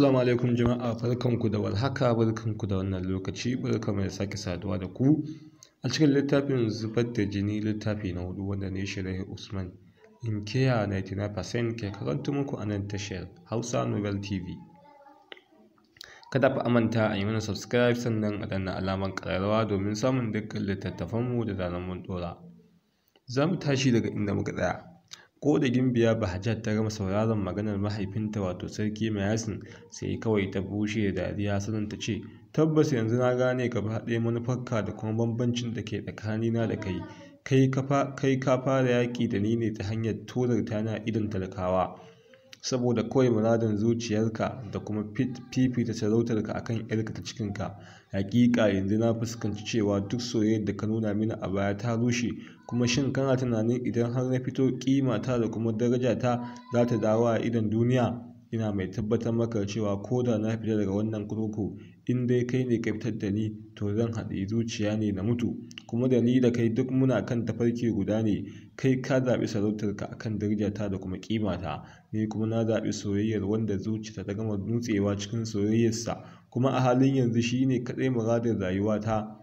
Assalamu alaikum jama'a barkanku da warhaka barkanku da wannan lokaci barkan mai sake saduwa da ku a cikin littafin zubar da jini littafi na hudu wanda ne shirai Usman in kiya 99% ke karanta muku a nan tashar Hausa novel TV kada fa amanta a yi mana subscribe sannan a danna alamar kararrawa domin samun dukkan littattafanmu da zanen mun dora za mu tashi daga inda muka tsaya ko da gimbiya bahajat ta gama sauraron maganar mahaifinta wato sarki mayasin sai kawai ta bushe da dariya sannan ta ce tabbas yanzu na gane gaba ɗaya manufarka da kuma bambancin da ke tsakanina da kai kai ka fara yaƙi da ni ne ta hanyar tozarta na idon talakawa saboda kawai muradin zuciyarka da kuma fifita sarautarka akan yarka ta cikinka hakika yanzu na fuskanci cewa duk soyayyar da ka nuna mini a baya ta rushe kuma shin kana tunanin idan har na fito kima ta da kuma daraja ta za ta dawo a idon duniya ina mai tabbatar maka cewa ko da na fita daga wannan kurkuku in dai kai ne ka fitar da ni to zan haɗe zuciya ne na mutu kuma da ni da kai duk muna kan tafarki guda ne kai ka zaɓi sarautarka akan darajata da kuma ƙimata ni kuma na zaɓi soyayyar wanda zuciyata ta gama nutsewa cikin soyayyarsa kuma a halin yanzu shine kaɗai muradin rayuwata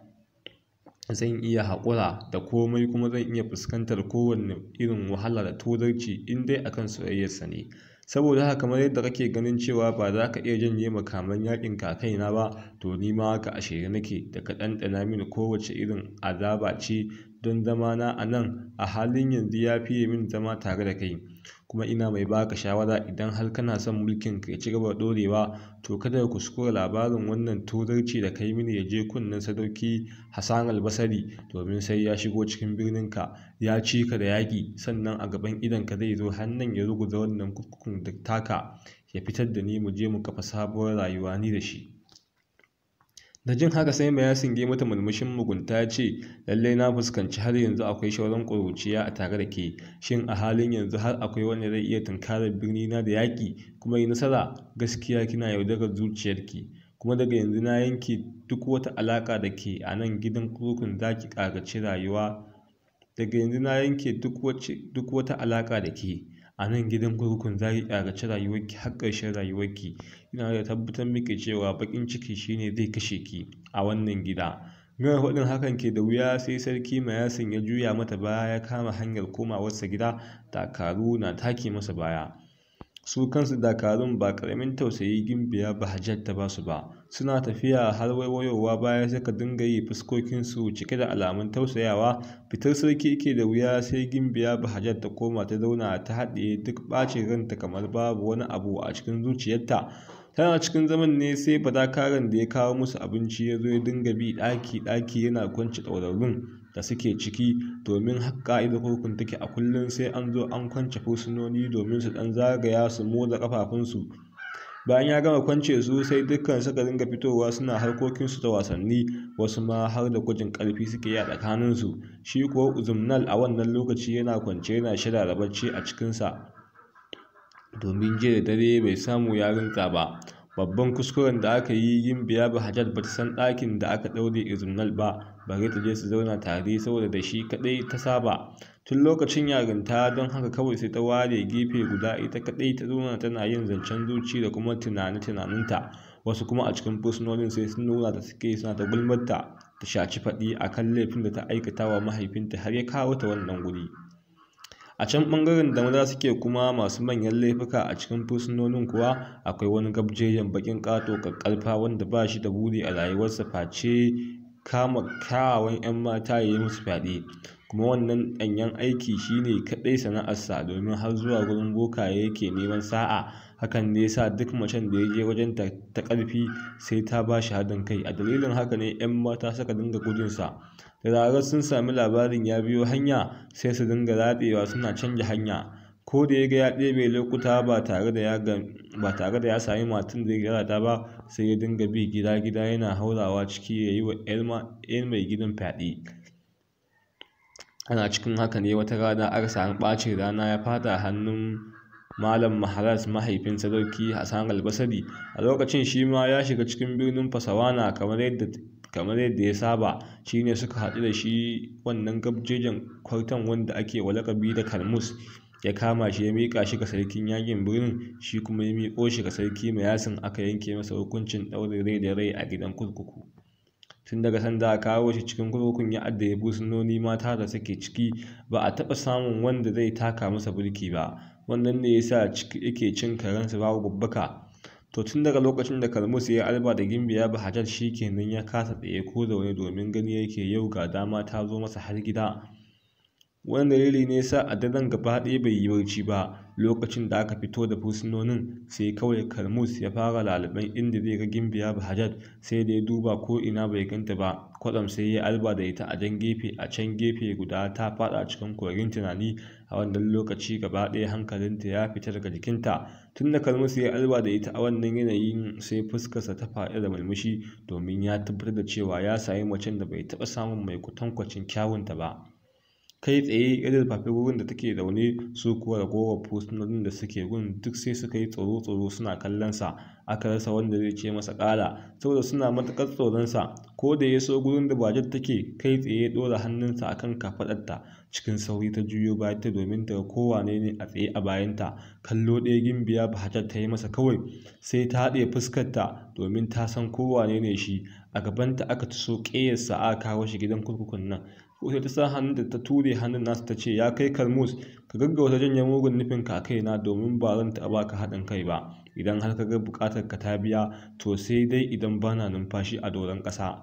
zan iya haƙura da komai kuma zan iya fuskantar kowanne irin wahala da tozarci in dai akan soyayyarsa ne saboda haka kamar yadda kake ganin cewa ba za ka iya janye makaman yakin ka na ba to ni ma haka a shirye nake da ka ɗanɗana mini kowace irin azaba ce don na a nan a halin yanzu ya fiye min zama tare da kai kuma ina mai baka shawara idan har kana son mulkin ka ya ci gaba dorewa to kada ka kuskura labarin wannan turarci da kai mini ya je kunnen sadauki Hassan Albasari domin sai ya shigo cikin birnin ka ya ci ka da yaƙi sannan a gaban idan ka zai zo hannun ya ruguza wannan kurkukun da taka ya fitar da ni mu je mu kafa sabuwar rayuwa ni da shi. da jin haka sai yasin ya mata murmushin mugunta ya ce lallai na fuskanci har yanzu akwai shauran ƙuruciya a tare da ke shin a halin yanzu har akwai wani zai iya tunkarar birni na da yaƙi kuma yi nasara gaskiya kina yaudarar zuciyarki kuma daga yanzu na yanke duk wata alaƙa da ke a nan gidan kurkun za ki ƙarace rayuwa daga yanzu na yanke duk wata alaƙa da ke a nan gidan kurkukun za ki ƙyamaci rayuwarki har ƙarshen rayuwarki ina da tabbatar miki cewa baƙin ciki shine zai kashe ki a wannan gida Gama faɗin hakan ke da wuya sai sarki mayasin ya juya mata baya ya kama hanyar komawarsa gida takaru na take masa baya su kansu dakarun ba karamin tausayi gimbiya hajjata ba su ba suna tafiya har waiwayowa baya suka dinga yi fuskokinsu cike da alamun tausayawa fitar sarki ke da wuya sai gimbiya bahajjar ta koma ta zauna ta haɗe duk ɓacin ranta kamar babu wani abu a cikin zuciyarta tana cikin zaman ne sai fadakaran da ya kawo musu abinci ya zo ya dinga bi ɗaki ɗaki yana kwanci ɗaurarrun da suke ciki domin haka idan kurkun take a kullum sai an zo an kwance fursunoni domin su ɗan zagaya su motsa ƙafafunsu bayan ya gama kwance su sai dukkan suka dinga fitowa suna harkokinsu ta wasanni wasu ma har da gwajin ƙarfi suke yi a su shi kuwa uzumnal a wannan lokaci yana kwance yana shirya da a cikinsa domin jiya da dare bai samu ya rinka ba Babban kuskuren da aka yi Gimbiya biya ba ta san ɗakin da aka ɗaure izinal ba, bare ta je su zauna tare saboda da shi kaɗai ta saba. Tun lokacin yarinta don haka kawai sai ta ware gefe guda ita kaɗai ta zauna tana yin zancen zuci da kuma tunani tunaninta Wasu kuma a cikin fursunonin sai sun nuna da suke suna ta gulmarta ta shaci faɗi a kan laifin da ta aikata wa mahaifinta har ya kawo ta wannan guri. A can ɓangaren da maza suke kuma masu manyan laifuka a cikin fursunonin kuwa akwai wani gabjejen bakin ƙato ƙaƙƙarfa wanda ba shi da buri a rayuwarsa face kama kyawawan 'yan mata ya yi musu fyaɗe kuma wannan ɗanyen aiki shine kaɗai sana'arsa domin har zuwa gurin bokaye yake neman sa'a hakan ne yasa duk macen da ya je wajen ta ta ƙarfi sai ta ba shi haɗin kai a dalilin haka ne 'yan mata suka dinga gudunsa da zarar sun sami labarin ya biyo hanya sai su dinga ratsewa suna canja hanya ko da ya ga ya ɗebe lokuta ba tare da ya sami matan da ya ta ba sai ya dinga bi gida gida yana haurawa ciki ya yi wa 'yar mai gidan fyaɗe ana cikin haka ne wata rana aka sami ɓacin rana ya fada hannun Malam mahalas mahaifin sarauki Hassan Albasari a lokacin shi ma ya shiga cikin birnin Fasawana kamar yadda kamar yadda ya saba shi ne suka haɗu da shi wannan gabjejen kwartan wanda ake wa lakabi da kalmus ya kama shi ya miƙa shi ga sarkin yakin birnin shi kuma ya miƙo shi ga sarki mai yasin aka yanke masa hukuncin ɗaurin rai da rai a gidan kurkuku tun daga sanda a kawo shi cikin kurkukun ya addaya busunoni mata da suke ciki ba a taɓa samun wanda zai taka masa birki ba wannan ne yasa yake cin karensa babu babbaka to tun daga lokacin da kalmus ya alba da gimbiya shi kenan ya kasa tsaye ko zaune domin gani yake yau ga dama ta zo masa har gida Wani dalili ne sa a daren gaba ɗaya bai yi barci ba. Lokacin da aka fito da fursunonin sai kawai Kalmus ya fara laliban inda zai ga Gimbiya hajjad sai da ya duba ko ina bai ganta ba. kwadam sai ya alba da ita a jan gefe a can gefe guda ta faɗa cikin kogin tunani a wannan lokaci gaba ɗaya hankalinta ya fita daga jikinta. Tun da Kalmus ya alba da ita a wannan yanayin sai fuskarsa ta faɗi da mulmushi domin ya tabbatar da cewa ya sayi macen da bai taɓa samun mai kwatankwacin kyawunta ba. kai tsaye irin fafe gurin da take zaune su kuwa da kowa fursunonin da suke gun duk sai suka yi tsoro-tsoro suna kallon sa aka rasa wanda zai ce masa kala saboda suna matuƙar tsoronsa ko da ya so gurin da bajet take kai tsaye dora ɗora hannunsa akan kafaɗarta cikin sauri ta juyo bayan ta domin ta kowa ne a tsaye a bayanta kallo ɗaya gimbiya bahajar ta yi masa kawai sai ta haɗe fuskarta domin ta san kowa ne shi a gabanta aka ta so ƙeyarsa a kawo shi gidan kurkukun nan Hussein ta sa hannun da ta ture hannun nasa ta ce ya kai kalmus ka gaggauta janye mugun nufin ka na domin ba zan taɓa baka haɗin kai ba idan har ka ga buƙatar ka ta biya to sai dai idan bana numfashi a doron ƙasa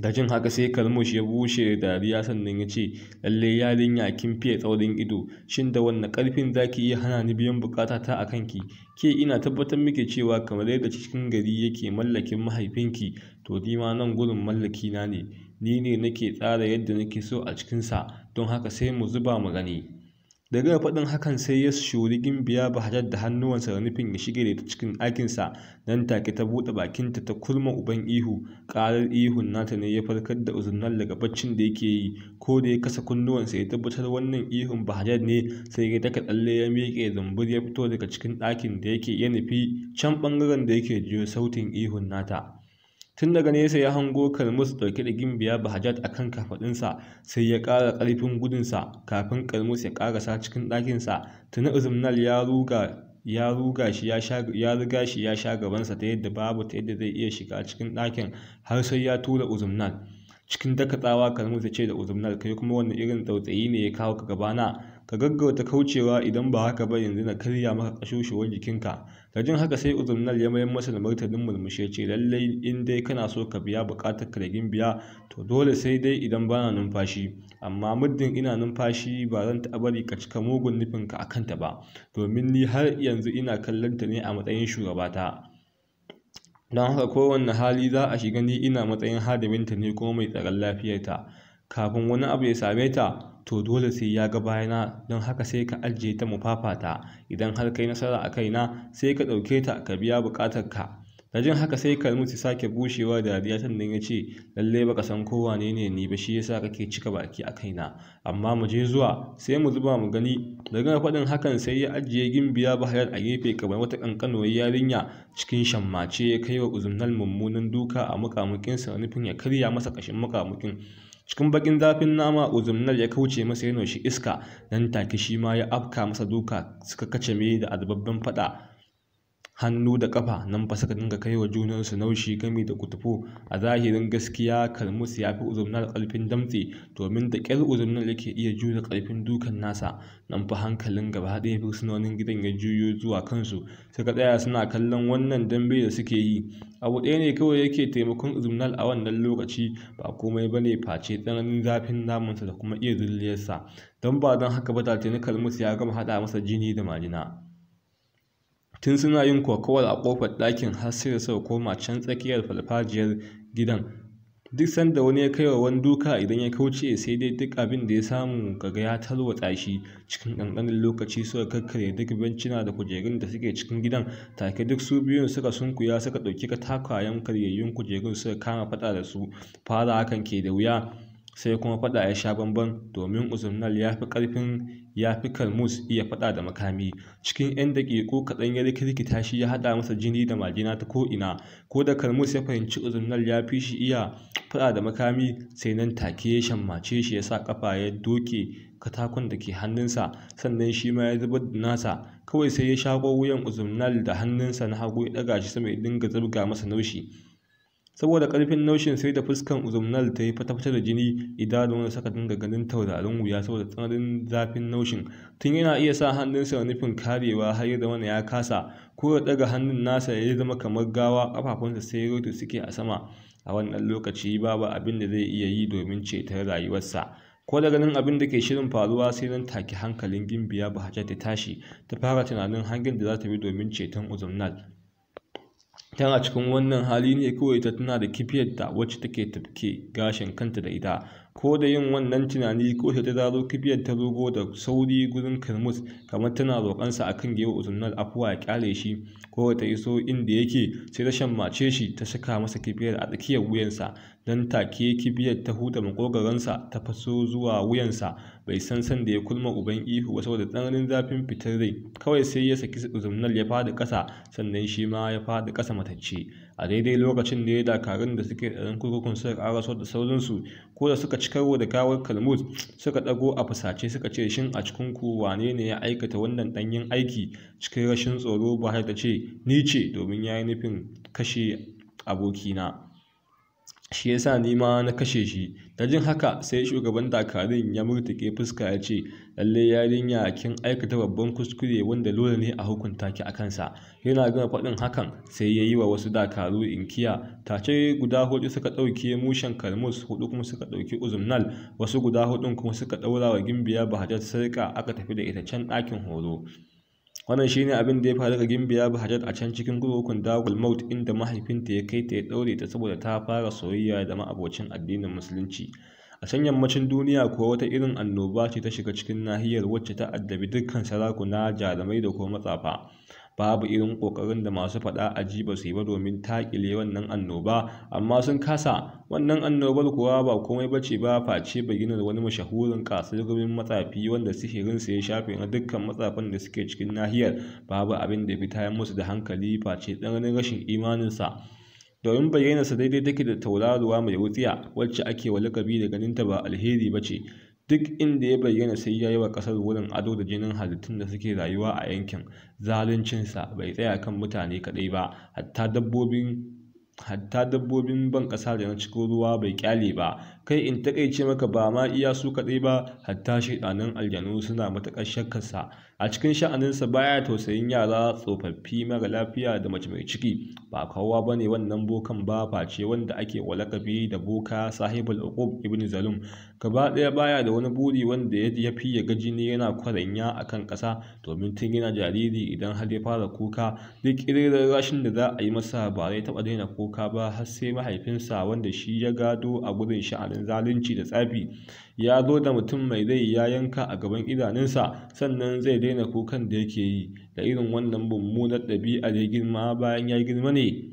da jin haka sai kalmus ya bushe da dariya sannan ya ce lalle yarinya kin fiye tsaurin ido shin da wanne karfin zaki iya hana ni biyan bukata ta a kanki ke ina tabbatar miki cewa kamar yadda cikin gari yake mallakin mahaifinki to ni ma nan gurin mallaki na ne ni ne nake tsara yadda nake so a cikinsa don haka sai mu zuba mu gani da gama faɗin hakan sai ya shuri gimbiya Bahajar da hannuwansa da nufin ya shige da ita cikin ɗakinsa nan take ta buɗe bakinta ta kurma uban ihu ƙarar ihun nata ne ya farkar da uzunnal daga baccin da yake yi ko da ya kasa kunnuwansa ya tabbatar wannan ihun Bahajar ne sai ya daga tsalle ya miƙe zumbur ya fito daga cikin ɗakin da yake ya nufi can ɓangaren da yake jiyo sautin ihun nata. tun daga nesa ya hango kalmus dauke da gimbiya bahajat a kan kafaɗinsa sai ya ƙara ƙarfin gudunsa kafin kalmus ya ƙarasa cikin ɗakinsa tuni uzumnal ya ruga shi ya riga shi ya sha gabansa ta yadda babu ta yadda zai iya shiga cikin ɗakin har sai ya tura uzumnal cikin dakatsawa kalmus ya ce da uzumnal kai kuma wani irin tsautsayi ne ya kawo ka gabana ka gaggauta kaucewa idan ba haka ba yanzu na karya maka ƙasusuwar jikinka da jin haka sai uzurnal ya mayar masa da martanin murmushe ce lallai in dai kana so ka biya buƙatar ka da gimbiya to dole sai dai idan bana numfashi amma muddin ina numfashi ba zan taɓa bari ka cika mugun nufinka a kanta ba domin ni har yanzu ina kallon ta ne a matsayin shugabata don haka kowanne hali za a shiga ni ina matsayin hadiminta ne kuma mai tsaron lafiyarta kafin wani abu ya same ta to dole sai ya ga bayana don haka sai ka ajiye ta mu fafata idan har kai nasara a kaina sai ka ɗauke ta ka biya buƙatar ka da jin haka sai kalmusi sake bushewa dariya sannan ya ce lalle baka san kowa ne ne ni ba shi yasa kake cika baki a kaina amma mu je zuwa sai mu zuba mu gani daga faɗin hakan sai ya ajiye gimbiya bahayar a gefe kamar wata kankanuwar yarinya cikin shammace ya kai wa uzunnal mummunan duka a mukamukinsa nufin ya karya masa ƙashin muƙamuƙin cikin bakin zafin nama uzumnar ya kauce masa ya noshi iska nan take shi ma ya afka masa duka suka kace me da azbabban fada hannu da kafa nan fa suka dinga kaiwa junansu naushi gami da kutufu a zahirin gaskiya kalmus ya fi uzumnar karfin damtse domin da ƙyar uzumnar yake iya jure karfin dukan nasa nan fa hankalin gaba ɗaya fursunonin gidan ya juyo zuwa kansu suka tsaya suna kallon wannan dambe da suke yi abu ɗaya ne kawai yake taimakon zumnal a wannan lokaci ba komai ba ne face tsananin zafin namunsa da kuma iya zulliyarsa don ba don haka ba ta tuni musu ya gama haɗa masa jini da majina tun suna yin kokowar a ƙofar ɗakin har sai da sau koma can tsakiyar falfajiyar gidan duk sanda wani ya kai wa wani duka idan ya kauce sai dai duk abin da ya samu kaga ya tarwatsa shi cikin ɗanɗanin lokaci suka kakkare duk bencina da kujerun da suke cikin gidan take duk su biyun suka sunkuya suka ɗauki katakwayen karyayyun kujerun suka kama faɗa da su fara hakan ke da wuya sai kuma faɗa ya sha bamban domin uzurnal ya fi ƙarfin ya fi kalmus iya faɗa da makami cikin 'yan daƙiƙu kaɗan ya rikirkita shi ya haɗa masa jini da majina ta ko'ina ko da kalmus ya fahimci uzurnal ya fi shi iya faɗa da makami sai nan take ya shammace shi ya sa ƙafa ya doke katakon da ke hannunsa sannan shi ma ya zubar da nasa kawai sai ya shaƙo wuyan uzurnal da hannunsa na hagu ya ɗaga shi sama ya dinga zubga masa naushi saboda karfin naushin sai da fuskan uzumnal ta yi fata da jini idanun saka dinga ganin taurarin wuya saboda tsananin zafin naushin tun yana iya sa hannunsa da nufin karewa har ya wani ya kasa ko ya daga hannun nasa ya zama kamar gawa kafafunsa sai rotu suke a sama a wannan lokaci babu abin da zai iya yi domin ceton rayuwarsa ko da ganin abin da ke shirin faruwa sai nan taki hankalin gimbiya ba ta tashi ta fara tunanin hangen da za ta bi domin ceton uzumnal tana cikin wannan hali ne kawai ta tana da kifiyarta wacce take tafke gashin kanta da ita ko da yin wannan tunani ko ta ta zaro kifiyar ta zogo da sauri gurin kalmus kamar tana sa akan gewa uzunar afuwa ya kyale shi ko ta iso inda yake sai ta mace shi ta saka masa kifiyar a tsakiyar wuyansa don take kifiyar ta huta makogaransa ta faso zuwa wuyansa bai san san da ya kulma uban ihu ba saboda tsananin zafin fitar rai kawai sai ya saki zumnal ya fadi kasa sannan shi ma ya fadi kasa matacce a daidai lokacin da ya dakarun da suke da ɗan kurkukun suka karaso da sauransu ko da suka ci karo da kawar kalmud suka ɗago a fusace suka ce shin a cikin ku wane ne ya aikata wannan ɗanyen aiki cikin rashin tsoro ba ta ce ni ce domin ya yi nufin kashe abokina shi ya sa nima na kashe shi. Da jin haka sai shugaban dakarun ya murtuke fuska ya ce, Lallai yarinya kin aikata babban kuskure wanda dole ne a hukunta ki a kansa. Yana gama faɗin hakan sai ya yi wa wasu dakaru inkiya. Tace guda hudu suka ɗauke mushen karmus hudu kuma suka ɗauki uzumnal wasu guda hudun kuma suka ɗaura wa gimbiya bahajar sarka aka tafi da ita can ɗakin horo. Wannan shi ne abin da ya faru ga Gimbiya Bahajat a can cikin kurkukun dagul Maut inda mahaifinta ya kai ta ya ɗaure ta saboda ta fara soyayya da ma'abocin addinin Musulunci. A can yammacin duniya kuwa wata irin annoba ce ta shiga cikin nahiyar wacce ta addabi dukkan sarakuna jarumai da kuma matsafa. babu irin ƙoƙarin da masu faɗa a ji ba su yi ba domin taƙile wannan annoba amma sun kasa wannan annobar kuwa ba komai bace ce ba face baginar wani mashahurin kasirgumin matsafi wanda sihirinsa ya shafe na dukkan matsafan da suke cikin nahiyar babu abin da fita musu da hankali face ɗan rashin imaninsa domin bayyanarsa daidai take da tauraruwa mai wutsiya wacce ake wa lakabi da ganinta ba alheri bace. duk inda ya bayyana sai ya yi wa ƙasar wurin ado da jinin halittun da suke rayuwa a yankin zaluncinsa bai tsaya kan mutane kaɗai ba hatta dabbobin ban ƙasa da na cikin ruwa bai ƙyale ba kai in takaice maka ba ma iya su kaɗai ba hatta shaiɗanin aljanu suna matuƙar shakkarsa a cikin sha'aninsa baya tausayin yara tsofaffi mara lafiya da mace mai ciki ba kowa ba ne wannan bokan ba face wanda ake walakabi da boka sahibul uqub ibn zalum gaba ɗaya baya da wani buri wanda ya ya fiye gaji jini yana kwaranya a kan ƙasa domin tun yana jariri idan har ya fara kuka duk ƙirirar rashin da za a yi masa ba zai taɓa daina kuka ba har sai mahaifinsa wanda shi ya gado a gurin sha'anin zalunci da tsafi ya zo da mutum mai rai ya yanka a gaban idanunsa sannan zai daina kukan da yake yi da irin wannan mummunar ɗabi'ar ya girma bayan ya girma ne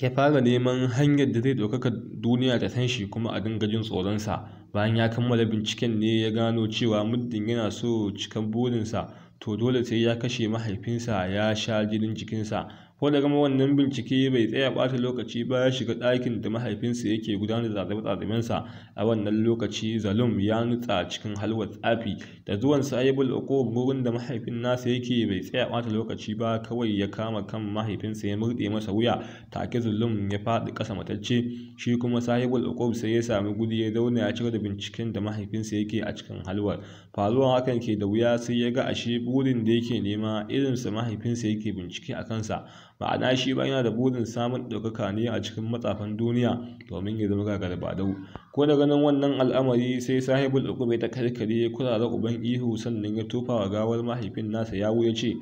ya fara neman hanyar da zai ɗaukaka duniya ta san shi kuma a dinga jin tsoronsa bayan ya kammala binciken ne ya gano cewa muddin yana so cikan burinsa to dole sai ya kashe mahaifinsa ya sha jinin jikinsa ko da gama wannan bincike bai tsaya ɓata lokaci ba ya shiga ɗakin da mahaifinsa yake gudanar da zazzabe-zazzabensa a wannan lokaci zalum ya nutsa cikin halwar tsafi da zuwan sayibul uqub gurin da mahaifin nasa yake bai tsaya ɓata lokaci ba kawai ya kama kan mahaifinsa ya murɗe masa wuya take zulum ya faɗi ƙasa matacce shi kuma sahibul uqub sai ya sami gudu ya zauna ya cika da binciken da mahaifinsa yake a cikin halwar faruwa hakan ke da wuya sai ya ga ashe burin da yake nema irinsa mahaifinsa yake bincike a kansa ma'ana shi ba yana da burin samun ɗaukaka ne a cikin matsafan duniya domin ya zama gagarbadau ko da ganin wannan al'amari sai sahibul uqube ta karkare da uban ihu sannan ya tofa wa gawar mahaifin nasa yawo ya ce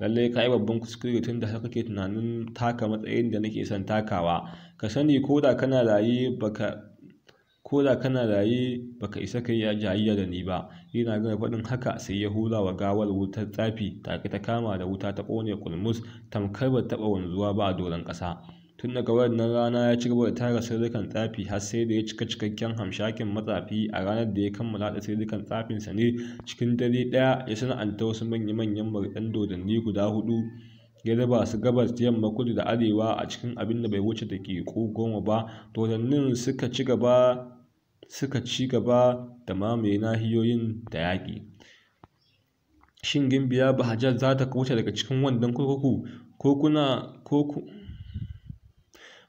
lallai ka yi babban kuskure tun da haka ke tunanin taka matsayin da nake son takawa ka sani ko da kana raye baka ko da kana raye baka isa ka yi jayayya da ni ba yana gama faɗin haka sai ya hula wa gawar wutar tsafi ta ta kama da wuta ta kone kulmus tamkar ba taɓa wanzuwa ba a doron ƙasa tun daga wannan rana ya cigaba da tara sirrikan tsafi har sai da ya cika cikakken hamshakin matsafi a ranar da ya kammala da sirrikan tsafinsa ne cikin dare ɗaya ya sana'anta wasu manya-manyan marɗan dodanni guda hudu ya raba su gabas yamma kudu da arewa a cikin abin da bai wuce da ke goma ba dodannin suka ci gaba suka ci gaba da mamaye nahiyoyin da yaƙi shin gimbiya bahajjar za ta kauce daga cikin wannan kurkuku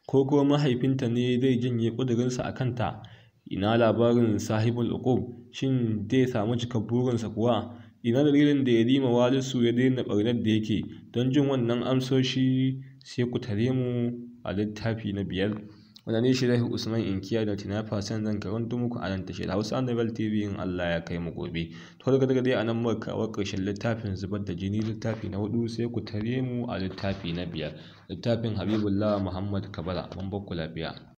ko kuma mahaifinta ne zai janye ƙudurinsa a kanta ina labarin sahibul uqub shin zai samu cika burinsa kuwa ina dalilin da ya dima walisu ya daina ɓarnar da yake don jin wannan amsoshi sai ku tare mu a littafi na biyar shi rahi usman inkiya da tina fasan zan karanto muku a nan da hausa novel tv in allah ya kai mu gobe to daga daga dai a nan muka kawo ƙarshen littafin zubar da jini littafi na hudu sai ku tare mu a littafi na biyar littafin habibullah muhammad kabara mun bakku lafiya